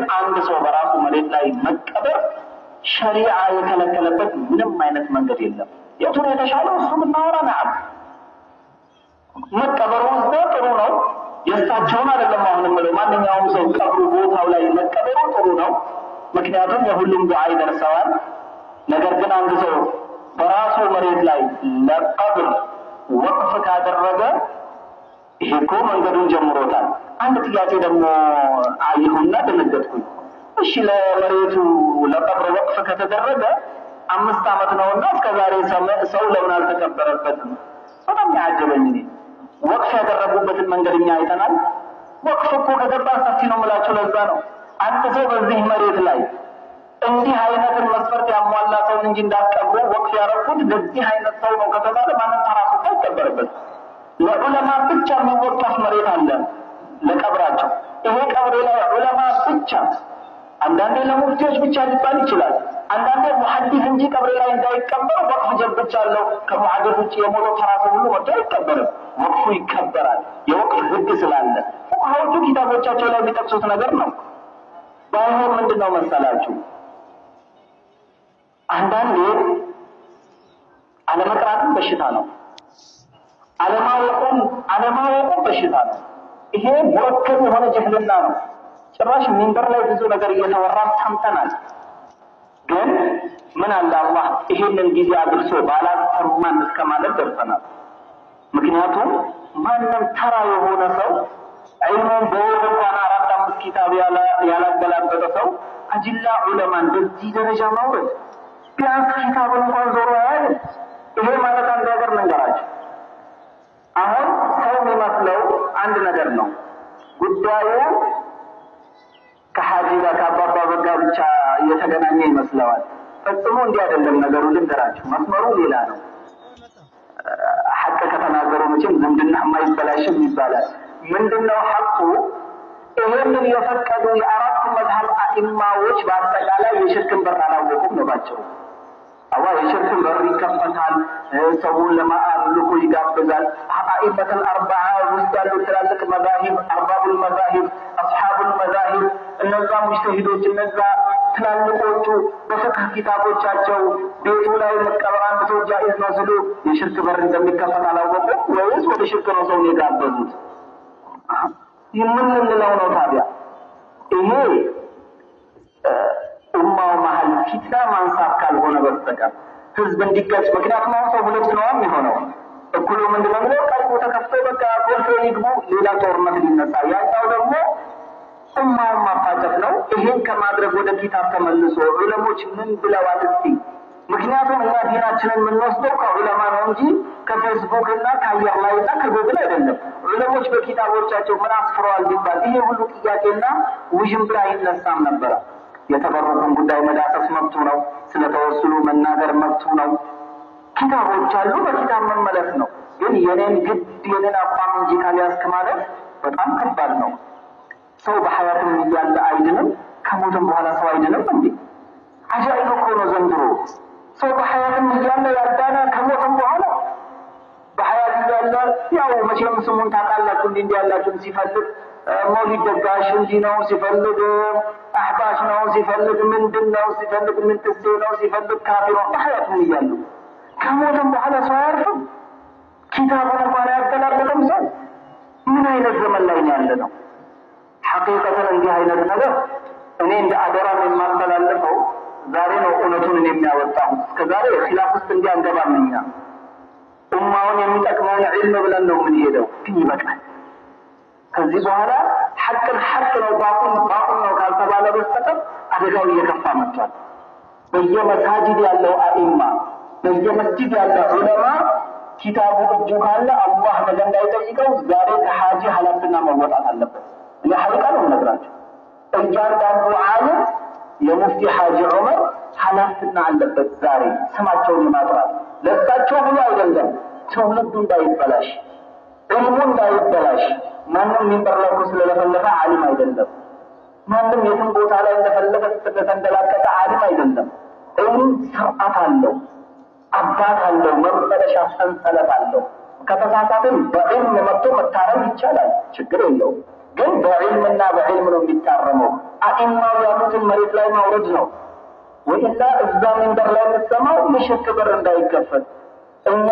ግን አንድ ሰው በራሱ መሬት ላይ መቀበር ሸሪዓ የከለከለበት ምንም አይነት መንገድ የለም። የቱ ነው የተሻለው? እሱ ምናወራ መቀበሩ እዛ ጥሩ ነው። የእሳቸውን አይደለም አሁን ምለው ማንኛውም ሰው ቀብሩ ቦታው ላይ መቀበሩ ጥሩ ነው። ምክንያቱም የሁሉም ዱዓ ይደርሰዋል። ነገር ግን አንድ ሰው በራሱ መሬት ላይ ለቀብር ወቅፍ ካደረገ እኮ መንገዱን ጀምሮታል። አንድ ጥያቄ ደግሞ አየሁና ደነገጥኩኝ። እሺ ለመሬቱ ለቀብር ወቅፍ ከተደረገ አምስት ዓመት ነውና እስከ ዛሬ ሰው ለምን አልተቀበረበትም? በጣም ያጀበኝ ወቅፍ ያደረጉበትን መንገድ እኛ አይተናል። ወቅፍ እኮ ከገባ ሰፊ ነው የምላችሁ። ለዛ ነው አንድ ሰው በዚህ መሬት ላይ እንዲህ አይነትን መስፈርት ያሟላ ሰውን እንጂ እንዳትቀብሩ ወቅፍ ያደረጉት ለዚህ አይነት ሰው ነው ከተባለ ማንም ተራሱ አይቀበርበትም። ለዑለማ ብቻ የሚወቀፍ መሬት አለ ለቀብራቸው። ይሄ ላይ ዑለማ ብቻ አንዳንዴ ለሙፍቲዎች ብቻ ሊባል ይችላል። አንዳንዴ ሙሐዲስ እንጂ ቀብሬ ላይ እንዳይቀበር ወቅፍ ጀብቻለሁ። ከሙሐዲስ ውጭ የሞተ ተራ ሰው ሁሉ ወጥቶ አይቀበርም። ወቅፉ ይከበራል። የወቅፍ ህግ ስላለ ፉቅሃዎቹ ኪታቦቻቸው ላይ የሚጠቅሱት ነገር ነው። ባይሆን ምንድን ነው መሰላችሁ አንዳንዴ አለመቅራትም በሽታ ነው። አለማወቁም አለማወቁም በሽታ ነው። ይሄ መወከል የሆነ ጅህልና ነው። ጭራሽ ሚንበር ላይ ብዙ ነገር እየተወራ ሰምተናል። ግን ምን አለ አላህ ይሄንን ጊዜ አድርሶ ባላሰማን እስከ ማለት ደርሰናል። ምክንያቱም ማንም ተራ የሆነ ሰው ዕልሙን በወር እንኳን አራት አምስት ኪታብ ያላገላበጠ ሰው አጅላ ዑለማን በዚህ ደረጃ ማውረድ ቢያንስ ኪታብን እንኳን ዞሮ ያያል። ይሄ ማለት አንድ ሀገር መንገራቸው አሁን ሰው የሚመስለው አንድ ነገር ነው። ጉዳዩ ከሀጂ ጋር ከአባባ በጋ ብቻ እየተገናኘ ይመስለዋል። ፈጽሞ እንዲህ አይደለም። ነገሩ ልንገራችሁ፣ መስመሩ ሌላ ነው። ሐቅ ከተናገሩ መቼም ዝምድና የማይበላሽም ይባላል። ምንድነው ሐቁ? ይህንን የፈቀዱ የአራቱ መዝሀብ አኢማዎች በአጠቃላይ የሽርክን በር አላወቁም ነው ባቸው አላህ የሽርክን በር ይከፈታል። ሰውን ለማምልኮ ይጋብዛል። ሀቃኢበትን አርባዓ ውስጥ ያሉ ትላልቅ መዛሂብ አርባቡል መዛሂብ አስሓቡል መዛሂብ እነዛ ሙጅተሂዶች እነዛ ትላልቆቹ በፍቅህ ኪታቦቻቸው ቤቱ ላይ መቀበር አንብቶ ጃኢዝ ነው ስሉ የሽርክ በር እንደሚከፈት አላወቁም ወይስ ወደ ሽርክ ነው ሰውን የጋበዙት? የምንለው ነው ታዲያ ብቻ ማንሳት ካልሆነ በስተቀር ህዝብ እንዲገጭ ምክንያት መሆን ሰው ሁለት ነው የሚሆነው። እኩሉ ምንድነው ብለው ቀልቡ ተከፍቶ በቃ ጎልቶ ይግቡ፣ ሌላ ጦርነት ሊነሳ ያጣው ደግሞ ኡማውን ማፋጨት ነው። ይሄን ከማድረግ ወደ ኪታብ ተመልሶ ዑለሞች ምን ብለዋል እስቲ? ምክንያቱም እኛ ዲናችንን የምንወስደው ከዑለማ ነው እንጂ ከፌስቡክ እና ከአየር ላይ እና ከጎግል አይደለም። ዑለሞች በኪታቦቻቸው ምን አስፍረዋል ቢባል ይሄ ሁሉ ጥያቄና ውዥንብር አይነሳም ነበራል። የተበረኩን ጉዳይ መዳሰስ መብቱ ነው። ስለ ተወስሉ መናገር መብቱ ነው። ኪታቦች አሉ፣ በኪታብ መመለስ ነው። ግን የኔን ግድ የኔን አቋም እንጂ ካልያዝክ ማለት በጣም ከባድ ነው። ሰው በሀያትም እያለ አይድንም፣ ከሞትም በኋላ ሰው አይድንም። እንዴ አጃይብ እኮ ነው ዘንድሮ ሰው በሀያትም እያለ ያዳነ ከሞትም በኋላ ያለ ያው መቼም ስሙን ታውቃላችሁ። እንዲህ እንዲህ ያላችሁም ሲፈልግ ሞሊ ደጋሽ እንዲህ ነው፣ ሲፈልግ አህባሽ ነው፣ ሲፈልግ ምንድን ነው፣ ሲፈልግ ምንትሴ ነው፣ ሲፈልግ ካፊሮ በሀያቱም እያሉ ከሞትም በኋላ ሰው አያርፍም። ኪታቡን እንኳን አያገላበጥም ሰው ምን አይነት ዘመን ላይ ያለ ነው? ሐቂቀተን እንዲህ አይነት ነገር እኔ እንደ አደራም የማስተላልፈው ዛሬ ነው እውነቱን እኔ የሚያወጣሁት። እስከዛሬ ኪላፍ ውስጥ እንዲህ አንገባም እኛ እማውን የሚጠቅመውን ዕልም ብለን ነው የምንሄደው። ግን ይበቃል። ከዚህ በኋላ ሐቅን ሐቅ ነው ባቁን ባቁን ነው ካልተባለ በስተቀር አደጋው እየከፋ መጥቷል። በየመሳጅድ ያለው አኢማ፣ በየመስጅድ ያለ ዑለማ ኪታቡ እጁ ካለ አላህ ነገ እንዳይጠይቀው ዛሬ ከሀጂ ሀላፍና መወጣት አለበት። እኔ ሐቂቃ ነው የምነግራቸው። እያንዳንዱ ዓለም የሙፍቲ ሀጂ ዑመር ኃላፍትና አለበት ዛሬ ስማቸውን የማጥራት ለሳቸው ብሎ አይደለም፣ ትውልዱ እንዳይበላሽ፣ እልሙ እንዳይበላሽ። ማንም ሚንበር ስለለፈለፈ አሊም አይደለም። ማንም የትም ቦታ ላይ እንደፈለፈ ስለተንደላቀጠ አሊም አይደለም። ዕልም ስርዓት አለው፣ አባት አለው፣ መመለሻ ሰንሰለት አለው። ከተሳሳትም በዕልም መጥቶ መታረም ይቻላል፣ ችግር የለው ግን በዕልምና በዕልም ነው የሚታረመው። አኢማው ያሉትን መሬት ላይ ማውረድ ነው። ወኢላ እዛ መንደር ላይ የምትሰማው የሽርክ በር እንዳይከፈል እኛ